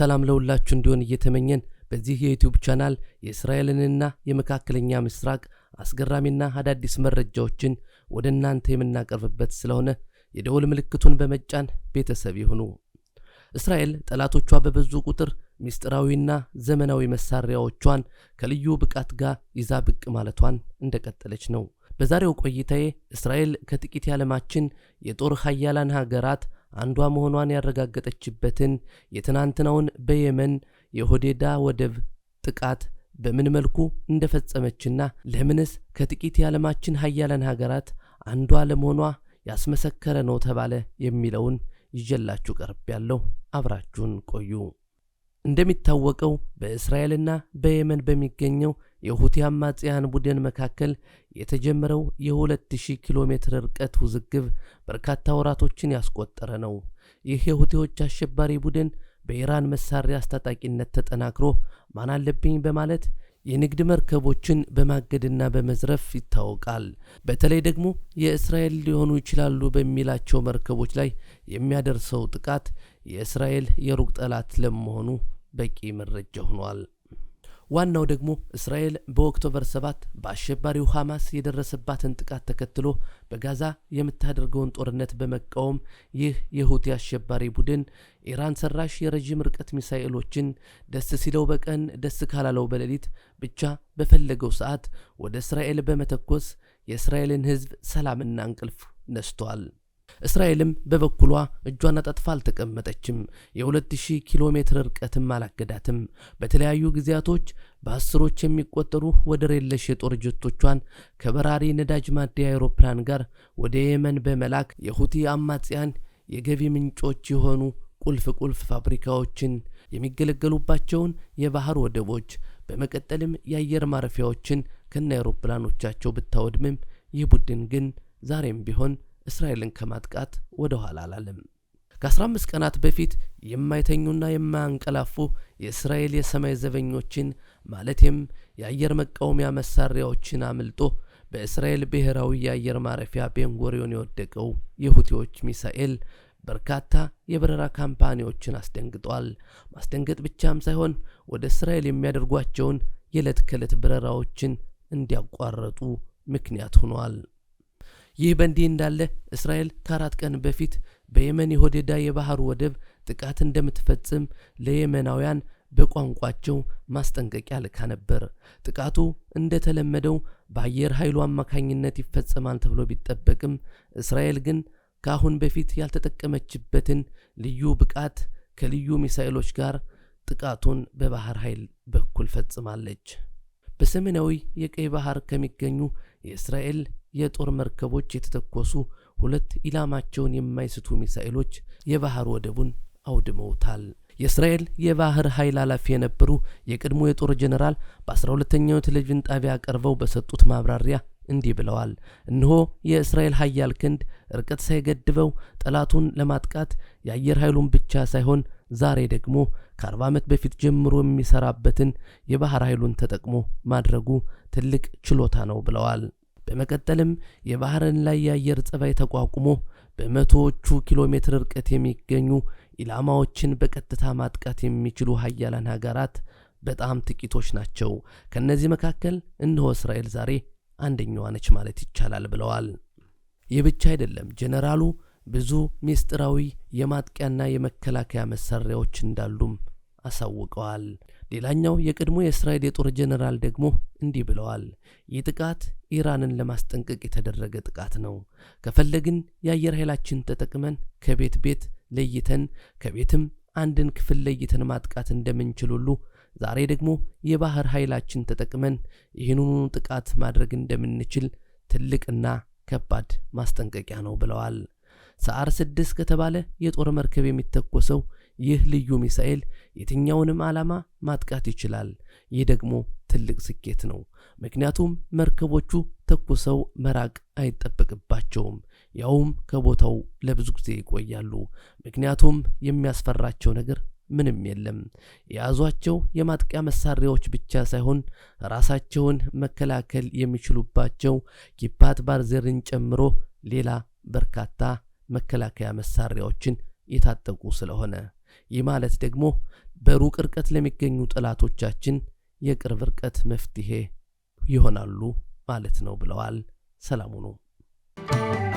ሰላም ለሁላችሁ እንዲሆን እየተመኘን በዚህ የዩቲዩብ ቻናል የእስራኤልንና የመካከለኛ ምስራቅ አስገራሚና አዳዲስ መረጃዎችን ወደ እናንተ የምናቀርብበት ስለሆነ የደውል ምልክቱን በመጫን ቤተሰብ ይሁኑ። እስራኤል ጠላቶቿ በበዙ ቁጥር ምስጢራዊና ዘመናዊ መሳሪያዎቿን ከልዩ ብቃት ጋር ይዛ ብቅ ማለቷን እንደቀጠለች ነው። በዛሬው ቆይታዬ እስራኤል ከጥቂት የዓለማችን የጦር ኃያላን ሀገራት አንዷ መሆኗን ያረጋገጠችበትን የትናንትናውን በየመን የሆዴዳ ወደብ ጥቃት በምን መልኩ እንደፈጸመችና ለምንስ ከጥቂት የዓለማችን ሀያላን ሀገራት አንዷ ለመሆኗ ያስመሰከረ ነው ተባለ የሚለውን ይዤላችሁ ቀርብ ያለው አብራችሁን ቆዩ። እንደሚታወቀው በእስራኤልና በየመን በሚገኘው የሁቲ አማጽያን ቡድን መካከል የተጀመረው የ2000 ኪሎ ሜትር ርቀት ውዝግብ በርካታ ወራቶችን ያስቆጠረ ነው። ይህ የሁቲዎች አሸባሪ ቡድን በኢራን መሳሪያ አስታጣቂነት ተጠናክሮ ማን አለብኝ በማለት የንግድ መርከቦችን በማገድና በመዝረፍ ይታወቃል። በተለይ ደግሞ የእስራኤል ሊሆኑ ይችላሉ በሚላቸው መርከቦች ላይ የሚያደርሰው ጥቃት የእስራኤል የሩቅ ጠላት ለመሆኑ በቂ መረጃ ሆኗል። ዋናው ደግሞ እስራኤል በኦክቶበር 7 በአሸባሪው ሐማስ የደረሰባትን ጥቃት ተከትሎ በጋዛ የምታደርገውን ጦርነት በመቃወም ይህ የሁቲ አሸባሪ ቡድን ኢራን ሰራሽ የረዥም ርቀት ሚሳኤሎችን ደስ ሲለው በቀን ደስ ካላለው በሌሊት ብቻ በፈለገው ሰዓት ወደ እስራኤል በመተኮስ የእስራኤልን ሕዝብ ሰላምና እንቅልፍ ነስቷል። እስራኤልም በበኩሏ እጇን አጣጥፋ አልተቀመጠችም። የ2000 ኪሎ ሜትር ርቀትም አላገዳትም። በተለያዩ ጊዜያቶች በአስሮች የሚቆጠሩ ወደር የለሽ የጦር ጀቶቿን ከበራሪ ነዳጅ ማደያ አውሮፕላን ጋር ወደ የመን በመላክ የሁቲ አማጽያን የገቢ ምንጮች የሆኑ ቁልፍ ቁልፍ ፋብሪካዎችን የሚገለገሉባቸውን የባህር ወደቦች በመቀጠልም የአየር ማረፊያዎችን ከነ አውሮፕላኖቻቸው ብታወድምም ይህ ቡድን ግን ዛሬም ቢሆን እስራኤልን ከማጥቃት ወደ ኋላ አላለም። ከ15 ቀናት በፊት የማይተኙና የማያንቀላፉ የእስራኤል የሰማይ ዘበኞችን ማለትም የአየር መቃወሚያ መሳሪያዎችን አምልጦ በእስራኤል ብሔራዊ የአየር ማረፊያ ቤንጎሪዮን የወደቀው የሁቲዎች ሚሳኤል በርካታ የበረራ ካምፓኒዎችን አስደንግጧል። ማስደንገጥ ብቻም ሳይሆን ወደ እስራኤል የሚያደርጓቸውን የዕለት ከዕለት በረራዎችን እንዲያቋረጡ ምክንያት ሆኗል። ይህ በእንዲህ እንዳለ እስራኤል ከአራት ቀን በፊት በየመን የሆዴዳ የባህር ወደብ ጥቃት እንደምትፈጽም ለየመናውያን በቋንቋቸው ማስጠንቀቂያ ልካ ነበር። ጥቃቱ እንደተለመደው በአየር ኃይሉ አማካኝነት ይፈጸማል ተብሎ ቢጠበቅም እስራኤል ግን ከአሁን በፊት ያልተጠቀመችበትን ልዩ ብቃት ከልዩ ሚሳኤሎች ጋር ጥቃቱን በባህር ኃይል በኩል ፈጽማለች። በሰሜናዊ የቀይ ባህር ከሚገኙ የእስራኤል የጦር መርከቦች የተተኮሱ ሁለት ኢላማቸውን የማይስቱ ሚሳኤሎች የባህር ወደቡን አውድመውታል። የእስራኤል የባህር ኃይል ኃላፊ የነበሩ የቀድሞ የጦር ጀኔራል በ12ተኛው ቴሌቪዥን ጣቢያ ቀርበው በሰጡት ማብራሪያ እንዲህ ብለዋል። እነሆ የእስራኤል ሀያል ክንድ ርቀት ሳይገድበው ጠላቱን ለማጥቃት የአየር ኃይሉን ብቻ ሳይሆን ዛሬ ደግሞ ከ40 ዓመት በፊት ጀምሮ የሚሰራበትን የባህር ኃይሉን ተጠቅሞ ማድረጉ ትልቅ ችሎታ ነው ብለዋል። በመቀጠልም የባህርን ላይ የአየር ጸባይ ተቋቁሞ በመቶዎቹ ኪሎ ሜትር ርቀት የሚገኙ ኢላማዎችን በቀጥታ ማጥቃት የሚችሉ ሀያላን ሀገራት በጣም ጥቂቶች ናቸው። ከእነዚህ መካከል እነሆ እስራኤል ዛሬ አንደኛዋ ነች ማለት ይቻላል ብለዋል። ይህ ብቻ አይደለም፣ ጄኔራሉ ብዙ ምስጢራዊ የማጥቂያና የመከላከያ መሳሪያዎች እንዳሉም አሳውቀዋል። ሌላኛው የቀድሞ የእስራኤል የጦር ጀኔራል ደግሞ እንዲህ ብለዋል። ይህ ጥቃት ኢራንን ለማስጠንቀቅ የተደረገ ጥቃት ነው። ከፈለግን የአየር ኃይላችን ተጠቅመን ከቤት ቤት ለይተን ከቤትም አንድን ክፍል ለይተን ማጥቃት እንደምንችል ሁሉ ዛሬ ደግሞ የባህር ኃይላችን ተጠቅመን ይህንኑ ጥቃት ማድረግ እንደምንችል ትልቅና ከባድ ማስጠንቀቂያ ነው ብለዋል። ሰዓር ስድስት ከተባለ የጦር መርከብ የሚተኮሰው ይህ ልዩ ሚሳኤል የትኛውንም ዓላማ ማጥቃት ይችላል። ይህ ደግሞ ትልቅ ስኬት ነው፣ ምክንያቱም መርከቦቹ ተኩሰው መራቅ አይጠበቅባቸውም፣ ያውም ከቦታው ለብዙ ጊዜ ይቆያሉ፣ ምክንያቱም የሚያስፈራቸው ነገር ምንም የለም። የያዟቸው የማጥቂያ መሳሪያዎች ብቻ ሳይሆን ራሳቸውን መከላከል የሚችሉባቸው ኪፓት ባርዘርን ጨምሮ ሌላ በርካታ መከላከያ መሳሪያዎችን የታጠቁ ስለሆነ ይህ ማለት ደግሞ በሩቅ ርቀት ለሚገኙ ጠላቶቻችን የቅርብ ርቀት መፍትሄ ይሆናሉ ማለት ነው ብለዋል። Thank you.